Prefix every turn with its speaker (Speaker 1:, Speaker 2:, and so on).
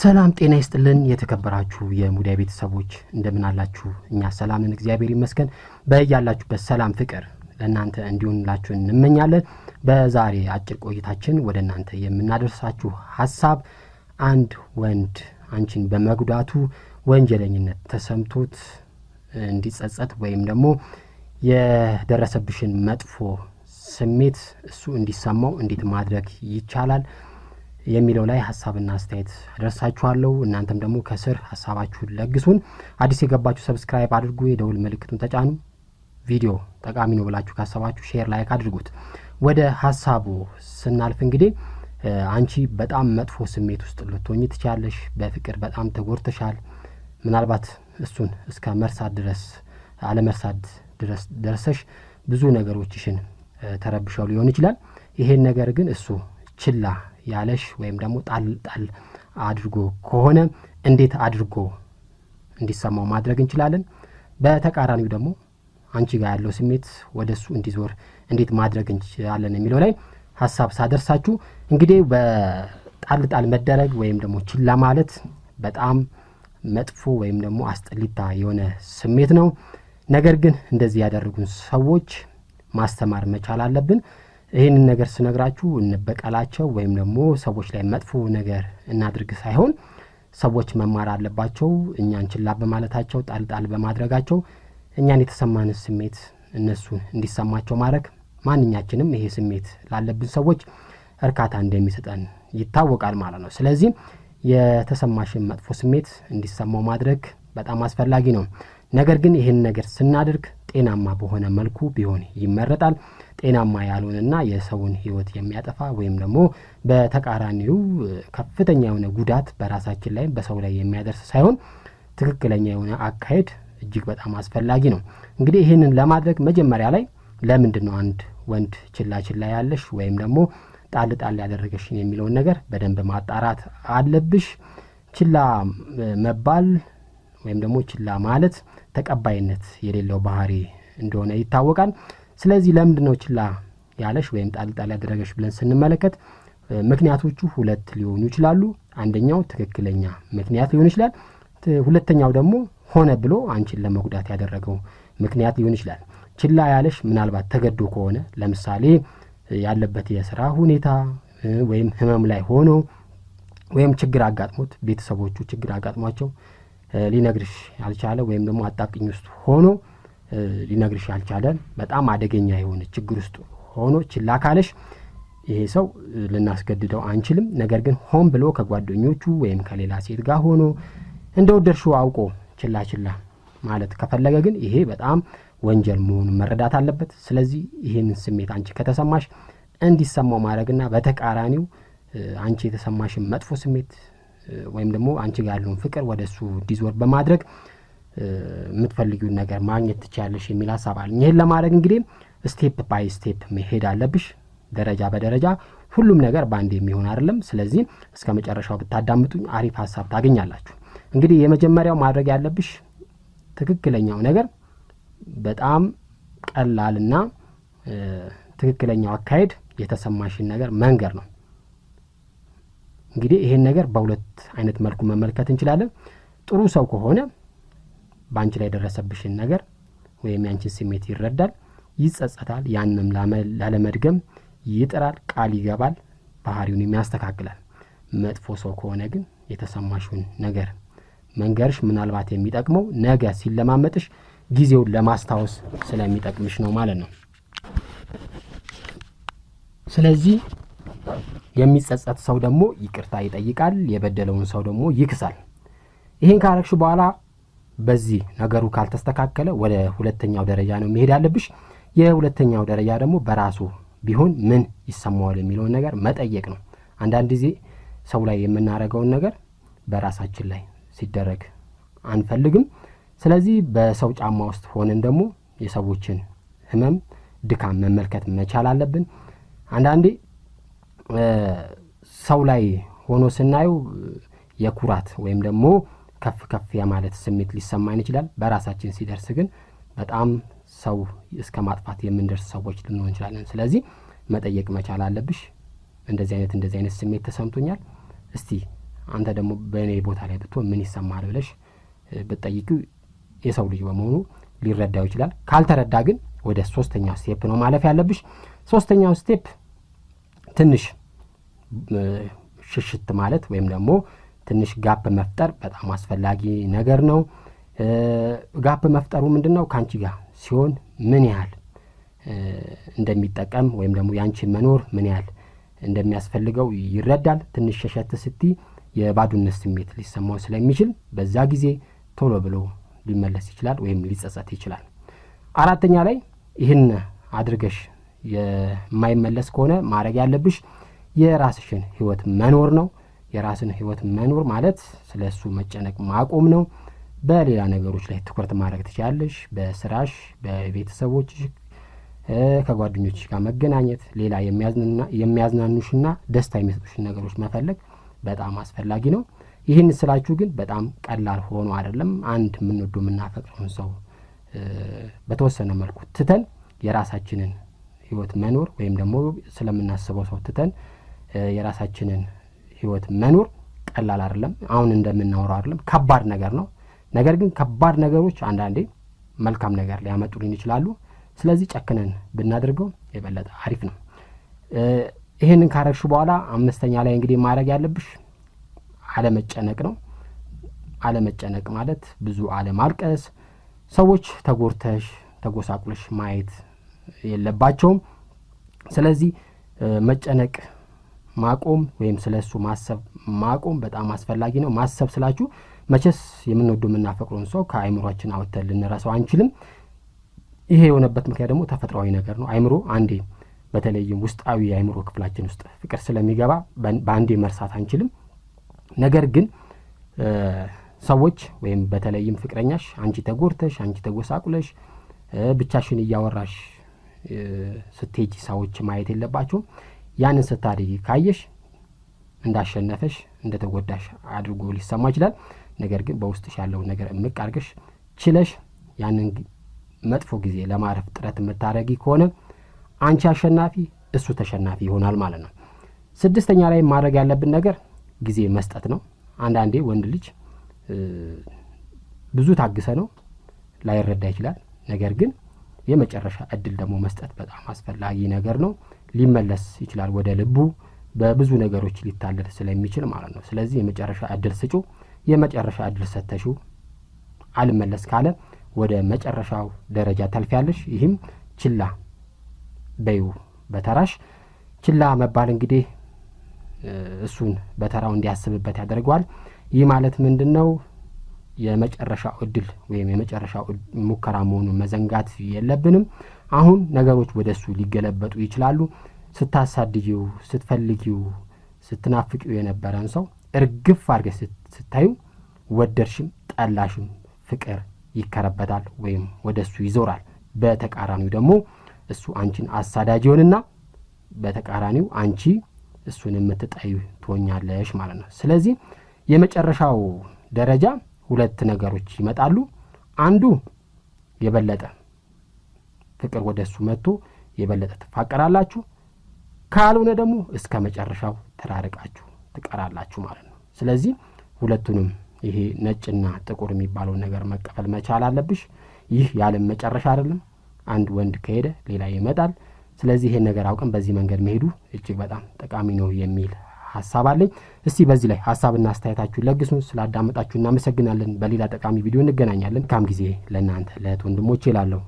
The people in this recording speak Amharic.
Speaker 1: ሰላም ጤና ይስጥልን። የተከበራችሁ የሙዳይ ቤተሰቦች እንደምን አላችሁ? እኛ ሰላምን እግዚአብሔር ይመስገን። በያላችሁበት ሰላም ፍቅር ለእናንተ እንዲሆንላችሁ እንመኛለን። በዛሬ አጭር ቆይታችን ወደ እናንተ የምናደርሳችሁ ሀሳብ አንድ ወንድ አንቺን በመጉዳቱ ወንጀለኝነት ተሰምቶት እንዲጸጸት ወይም ደግሞ የደረሰብሽን መጥፎ ስሜት እሱ እንዲሰማው እንዴት ማድረግ ይቻላል የሚለው ላይ ሀሳብና አስተያየት አደርሳችኋለሁ። እናንተም ደግሞ ከስር ሀሳባችሁን ለግሱን። አዲስ የገባችሁ ሰብስክራይብ አድርጉ፣ የደውል ምልክቱን ተጫኑ። ቪዲዮ ጠቃሚ ነው ብላችሁ ካሰባችሁ ሼር፣ ላይክ አድርጉት። ወደ ሀሳቡ ስናልፍ እንግዲህ አንቺ በጣም መጥፎ ስሜት ውስጥ ልትሆኝ ትችላለሽ። በፍቅር በጣም ተጎድተሻል። ምናልባት እሱን እስከ መርሳት ድረስ አለመርሳት ድረስ ደርሰሽ ብዙ ነገሮችሽን ተረብሸው ሊሆን ይችላል። ይሄን ነገር ግን እሱ ችላ ያለሽ ወይም ደግሞ ጣል ጣል አድርጎ ከሆነ እንዴት አድርጎ እንዲሰማው ማድረግ እንችላለን። በተቃራኒው ደግሞ አንቺ ጋር ያለው ስሜት ወደ እሱ እንዲዞር እንዴት ማድረግ እንችላለን የሚለው ላይ ሀሳብ ሳደርሳችሁ እንግዲህ በጣል ጣል መደረግ ወይም ደግሞ ችላ ማለት በጣም መጥፎ ወይም ደግሞ አስጠሊታ የሆነ ስሜት ነው። ነገር ግን እንደዚህ ያደረጉን ሰዎች ማስተማር መቻል አለብን። ይህንን ነገር ስነግራችሁ እንበቀላቸው ወይም ደግሞ ሰዎች ላይ መጥፎ ነገር እናድርግ ሳይሆን ሰዎች መማር አለባቸው። እኛን ችላ በማለታቸው ጣልጣል በማድረጋቸው እኛን የተሰማን ስሜት እነሱ እንዲሰማቸው ማድረግ ማንኛችንም ይሄ ስሜት ላለብን ሰዎች እርካታ እንደሚሰጠን ይታወቃል ማለት ነው። ስለዚህ የተሰማሽን መጥፎ ስሜት እንዲሰማው ማድረግ በጣም አስፈላጊ ነው። ነገር ግን ይህን ነገር ስናደርግ ጤናማ በሆነ መልኩ ቢሆን ይመረጣል። ጤናማ ያልሆነና የሰውን ህይወት የሚያጠፋ ወይም ደግሞ በተቃራኒው ከፍተኛ የሆነ ጉዳት በራሳችን ላይ በሰው ላይ የሚያደርስ ሳይሆን ትክክለኛ የሆነ አካሄድ እጅግ በጣም አስፈላጊ ነው። እንግዲህ ይህንን ለማድረግ መጀመሪያ ላይ ለምንድን ነው አንድ ወንድ ችላ ችላ ያለሽ ወይም ደግሞ ጣል ጣል ያደረገሽን የሚለውን ነገር በደንብ ማጣራት አለብሽ። ችላ መባል ወይም ደግሞ ችላ ማለት ተቀባይነት የሌለው ባህሪ እንደሆነ ይታወቃል። ስለዚህ ለምንድን ነው ችላ ያለሽ ወይም ጣልጣል ያደረገሽ ብለን ስንመለከት ምክንያቶቹ ሁለት ሊሆኑ ይችላሉ። አንደኛው ትክክለኛ ምክንያት ሊሆን ይችላል። ሁለተኛው ደግሞ ሆነ ብሎ አንቺን ለመጉዳት ያደረገው ምክንያት ሊሆን ይችላል። ችላ ያለሽ ምናልባት ተገዶ ከሆነ ለምሳሌ ያለበት የስራ ሁኔታ ወይም ህመም ላይ ሆኖ ወይም ችግር አጋጥሞት ቤተሰቦቹ ችግር አጋጥሟቸው ሊነግርሽ ያልቻለ ወይም ደግሞ አጣቅኝ ውስጥ ሆኖ ሊነግርሽ ያልቻለ በጣም አደገኛ የሆነ ችግር ውስጥ ሆኖ ችላ ካለሽ ይሄ ሰው ልናስገድደው አንችልም። ነገር ግን ሆን ብሎ ከጓደኞቹ ወይም ከሌላ ሴት ጋር ሆኖ እንደወደድሽው አውቆ ችላ ችላ ማለት ከፈለገ ግን ይሄ በጣም ወንጀል መሆኑ መረዳት አለበት። ስለዚህ ይህንን ስሜት አንቺ ከተሰማሽ እንዲሰማው ማድረግና በተቃራኒው አንቺ የተሰማሽን መጥፎ ስሜት ወይም ደግሞ አንቺ ጋር ያለውን ፍቅር ወደ እሱ እንዲዞር በማድረግ የምትፈልጊውን ነገር ማግኘት ትችያለሽ የሚል ሀሳብ አለ። ይህን ለማድረግ እንግዲህ ስቴፕ ባይ ስቴፕ መሄድ አለብሽ፣ ደረጃ በደረጃ ሁሉም ነገር በአንድ የሚሆን አይደለም። ስለዚህ እስከ መጨረሻው ብታዳምጡኝ አሪፍ ሀሳብ ታገኛላችሁ። እንግዲህ የመጀመሪያው ማድረግ ያለብሽ ትክክለኛው ነገር በጣም ቀላልና ትክክለኛው አካሄድ የተሰማሽን ነገር መንገር ነው። እንግዲህ ይሄን ነገር በሁለት አይነት መልኩ መመልከት እንችላለን። ጥሩ ሰው ከሆነ በአንቺ ላይ የደረሰብሽን ነገር ወይም ያንቺን ስሜት ይረዳል፣ ይጸጸታል፣ ያንም ላለመድገም ይጥራል፣ ቃል ይገባል፣ ባህሪውንም ያስተካክላል። መጥፎ ሰው ከሆነ ግን የተሰማሽውን ነገር መንገርሽ ምናልባት የሚጠቅመው ነገ ሲለማመጥሽ ጊዜውን ለማስታወስ ስለሚጠቅምሽ ነው ማለት ነው። ስለዚህ የሚጸጸት ሰው ደግሞ ይቅርታ ይጠይቃል፣ የበደለውን ሰው ደግሞ ይክሳል። ይህን ካረግሽ በኋላ በዚህ ነገሩ ካልተስተካከለ ወደ ሁለተኛው ደረጃ ነው መሄድ ያለብሽ። የሁለተኛው ደረጃ ደግሞ በራሱ ቢሆን ምን ይሰማዋል የሚለውን ነገር መጠየቅ ነው። አንዳንድ ጊዜ ሰው ላይ የምናደርገውን ነገር በራሳችን ላይ ሲደረግ አንፈልግም። ስለዚህ በሰው ጫማ ውስጥ ሆነን ደግሞ የሰዎችን ህመም፣ ድካም መመልከት መቻል አለብን። አንዳንዴ ሰው ላይ ሆኖ ስናየው የኩራት ወይም ደግሞ ከፍ ከፍ የማለት ስሜት ሊሰማን ይችላል። በራሳችን ሲደርስ ግን በጣም ሰው እስከ ማጥፋት የምንደርስ ሰዎች ልንሆን እንችላለን። ስለዚህ መጠየቅ መቻል አለብሽ። እንደዚህ አይነት እንደዚህ አይነት ስሜት ተሰምቶኛል፣ እስቲ አንተ ደግሞ በእኔ ቦታ ላይ ብትሆን ምን ይሰማል ብለሽ ብትጠይቂው የሰው ልጅ በመሆኑ ሊረዳው ይችላል። ካልተረዳ ግን ወደ ሶስተኛው ስቴፕ ነው ማለፍ ያለብሽ። ሶስተኛው ስቴፕ ትንሽ ሽሽት ማለት ወይም ደግሞ ትንሽ ጋፕ መፍጠር በጣም አስፈላጊ ነገር ነው። ጋፕ መፍጠሩ ምንድን ነው ከአንቺ ጋር ሲሆን ምን ያህል እንደሚጠቀም ወይም ደግሞ የአንቺ መኖር ምን ያህል እንደሚያስፈልገው ይረዳል። ትንሽ ሸሸት ስቲ የባዱነት ስሜት ሊሰማው ስለሚችል በዛ ጊዜ ቶሎ ብሎ ሊመለስ ይችላል ወይም ሊጸጸት ይችላል። አራተኛ ላይ ይህን አድርገሽ የማይመለስ ከሆነ ማድረግ ያለብሽ የራስሽን ህይወት መኖር ነው። የራስን ህይወት መኖር ማለት ስለ እሱ መጨነቅ ማቆም ነው። በሌላ ነገሮች ላይ ትኩረት ማድረግ ትችላለሽ። በስራሽ፣ በቤተሰቦችሽ፣ ከጓደኞችሽ ጋር መገናኘት፣ ሌላ የሚያዝናኑሽና ደስታ የሚሰጡሽን ነገሮች መፈለግ በጣም አስፈላጊ ነው። ይህን ስላችሁ ግን በጣም ቀላል ሆኖ አይደለም። አንድ የምንወደው የምናፈቅረውን ሰው በተወሰነ መልኩ ትተን የራሳችንን ህይወት መኖር ወይም ደግሞ ስለምናስበው ሰው ትተን የራሳችንን ህይወት መኖር ቀላል አይደለም። አሁን እንደምናወራው አይደለም፣ ከባድ ነገር ነው። ነገር ግን ከባድ ነገሮች አንዳንዴ መልካም ነገር ሊያመጡልን ይችላሉ። ስለዚህ ጨክነን ብናደርገው የበለጠ አሪፍ ነው። ይህንን ካረግሽ በኋላ አምስተኛ ላይ እንግዲህ ማድረግ ያለብሽ አለመጨነቅ ነው። አለመጨነቅ ማለት ብዙ አለማልቀስ፣ ሰዎች ተጎርተሽ ተጎሳቁለሽ ማየት የለባቸውም። ስለዚህ መጨነቅ ማቆም ወይም ስለ እሱ ማሰብ ማቆም በጣም አስፈላጊ ነው። ማሰብ ስላችሁ መቼስ የምንወደው የምናፈቅረውን ሰው ከአይምሮችን አውጥተን ልንረሳው አንችልም። ይሄ የሆነበት ምክንያት ደግሞ ተፈጥሯዊ ነገር ነው። አይምሮ አንዴ በተለይም ውስጣዊ የአይምሮ ክፍላችን ውስጥ ፍቅር ስለሚገባ በአንዴ መርሳት አንችልም። ነገር ግን ሰዎች ወይም በተለይም ፍቅረኛሽ አንቺ ተጎድተሽ አንቺ ተጎሳቁለሽ ብቻሽን እያወራሽ ስትሄጂ ሰዎች ማየት የለባቸውም። ያንን ስታደርጊ ካየሽ እንዳሸነፈሽ እንደተጎዳሽ አድርጎ ሊሰማ ይችላል። ነገር ግን በውስጥሽ ያለውን ነገር እምቅ አድርገሽ ችለሽ ያንን መጥፎ ጊዜ ለማረፍ ጥረት የምታደረጊ ከሆነ አንቺ አሸናፊ፣ እሱ ተሸናፊ ይሆናል ማለት ነው። ስድስተኛ ላይ ማድረግ ያለብን ነገር ጊዜ መስጠት ነው። አንዳንዴ ወንድ ልጅ ብዙ ታግሰ ነው ላይረዳ ይችላል። ነገር ግን የመጨረሻ እድል ደግሞ መስጠት በጣም አስፈላጊ ነገር ነው። ሊመለስ ይችላል ወደ ልቡ በብዙ ነገሮች ሊታለል ስለሚችል ማለት ነው። ስለዚህ የመጨረሻ እድል ስጩ። የመጨረሻ እድል ሰተሹ አልመለስ ካለ ወደ መጨረሻው ደረጃ ታልፊያለሽ። ይህም ችላ በዩ በተራሽ ችላ መባል እንግዲህ እሱን በተራው እንዲያስብበት ያደርገዋል። ይህ ማለት ምንድን ነው? የመጨረሻው እድል ወይም የመጨረሻው ሙከራ መሆኑን መዘንጋት የለብንም። አሁን ነገሮች ወደ እሱ ሊገለበጡ ይችላሉ። ስታሳድጊው፣ ስትፈልጊው፣ ስትናፍቂው የነበረን ሰው እርግፍ አድርገ ስታዩ ወደድሽም ጠላሽም ፍቅር ይከረበታል ወይም ወደ እሱ ይዞራል። በተቃራኒው ደግሞ እሱ አንቺን አሳዳጅ ይሆንና በተቃራኒው አንቺ እሱን የምትጠይ ትሆኛለሽ ማለት ነው። ስለዚህ የመጨረሻው ደረጃ ሁለት ነገሮች ይመጣሉ። አንዱ የበለጠ ፍቅር ወደ እሱ መጥቶ የበለጠ ትፋቀራላችሁ። ካልሆነ ደግሞ እስከ መጨረሻው ተራርቃችሁ ትቀራላችሁ ማለት ነው። ስለዚህ ሁለቱንም ይሄ ነጭና ጥቁር የሚባለውን ነገር መቀበል መቻል አለብሽ። ይህ የዓለም መጨረሻ አይደለም። አንድ ወንድ ከሄደ ሌላ ይመጣል። ስለዚህ ይሄን ነገር አውቀን በዚህ መንገድ መሄዱ እጅግ በጣም ጠቃሚ ነው የሚል ሀሳብ አለኝ። እስቲ በዚህ ላይ ሀሳብና አስተያየታችሁን ለግሱን። ስላዳመጣችሁ እናመሰግናለን። በሌላ ጠቃሚ ቪዲዮ እንገናኛለን። ካም ጊዜ ለእናንተ ለእህት ወንድሞቼ ላለው